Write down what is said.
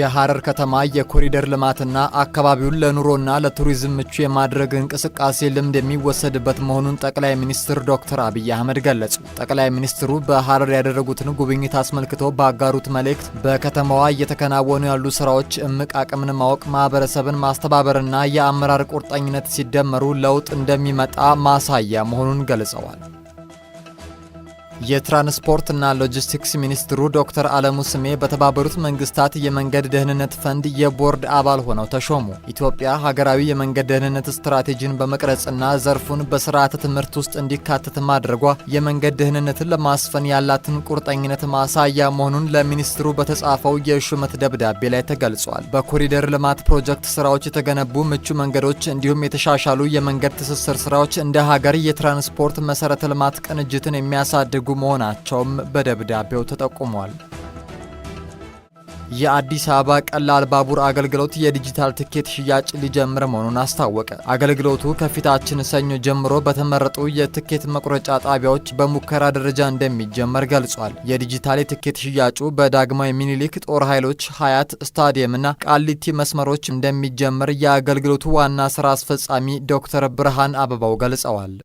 የሐረር ከተማ የኮሪደር ልማትና አካባቢውን ለኑሮና ለቱሪዝም ምቹ የማድረግ እንቅስቃሴ ልምድ የሚወሰድበት መሆኑን ጠቅላይ ሚኒስትር ዶክተር አብይ አህመድ ገለጹ። ጠቅላይ ሚኒስትሩ በሐረር ያደረጉትን ጉብኝት አስመልክቶ ባጋሩት መልእክት በከተማዋ እየተከናወኑ ያሉ ስራዎች እምቅ አቅምን ማወቅ፣ ማህበረሰብን ማስተባበርና የአመራር ቁርጠኝነት ሲደመሩ ለውጥ እንደሚመጣ ማሳያ መሆኑን ገልጸዋል። የትራንስፖርትና ሎጂስቲክስ ሚኒስትሩ ዶክተር አለሙ ስሜ በተባበሩት መንግስታት የመንገድ ደህንነት ፈንድ የቦርድ አባል ሆነው ተሾሙ። ኢትዮጵያ ሀገራዊ የመንገድ ደህንነት ስትራቴጂን በመቅረጽና ዘርፉን በስርዓተ ትምህርት ውስጥ እንዲካተት ማድረጓ የመንገድ ደህንነትን ለማስፈን ያላትን ቁርጠኝነት ማሳያ መሆኑን ለሚኒስትሩ በተጻፈው የሹመት ደብዳቤ ላይ ተገልጿል። በኮሪደር ልማት ፕሮጀክት ስራዎች የተገነቡ ምቹ መንገዶች እንዲሁም የተሻሻሉ የመንገድ ትስስር ስራዎች እንደ ሀገር የትራንስፖርት መሰረተ ልማት ቅንጅትን የሚያሳድጉ መሆናቸውም በደብዳቤው ተጠቁሟል። የአዲስ አበባ ቀላል ባቡር አገልግሎት የዲጂታል ትኬት ሽያጭ ሊጀምር መሆኑን አስታወቀ። አገልግሎቱ ከፊታችን ሰኞ ጀምሮ በተመረጡ የትኬት መቁረጫ ጣቢያዎች በሙከራ ደረጃ እንደሚጀመር ገልጿል። የዲጂታል የትኬት ሽያጩ በዳግማዊ ሚኒሊክ ጦር ኃይሎች ሀያት ስታዲየምና ቃሊቲ መስመሮች እንደሚጀምር የአገልግሎቱ ዋና ስራ አስፈጻሚ ዶክተር ብርሃን አበባው ገልጸዋል።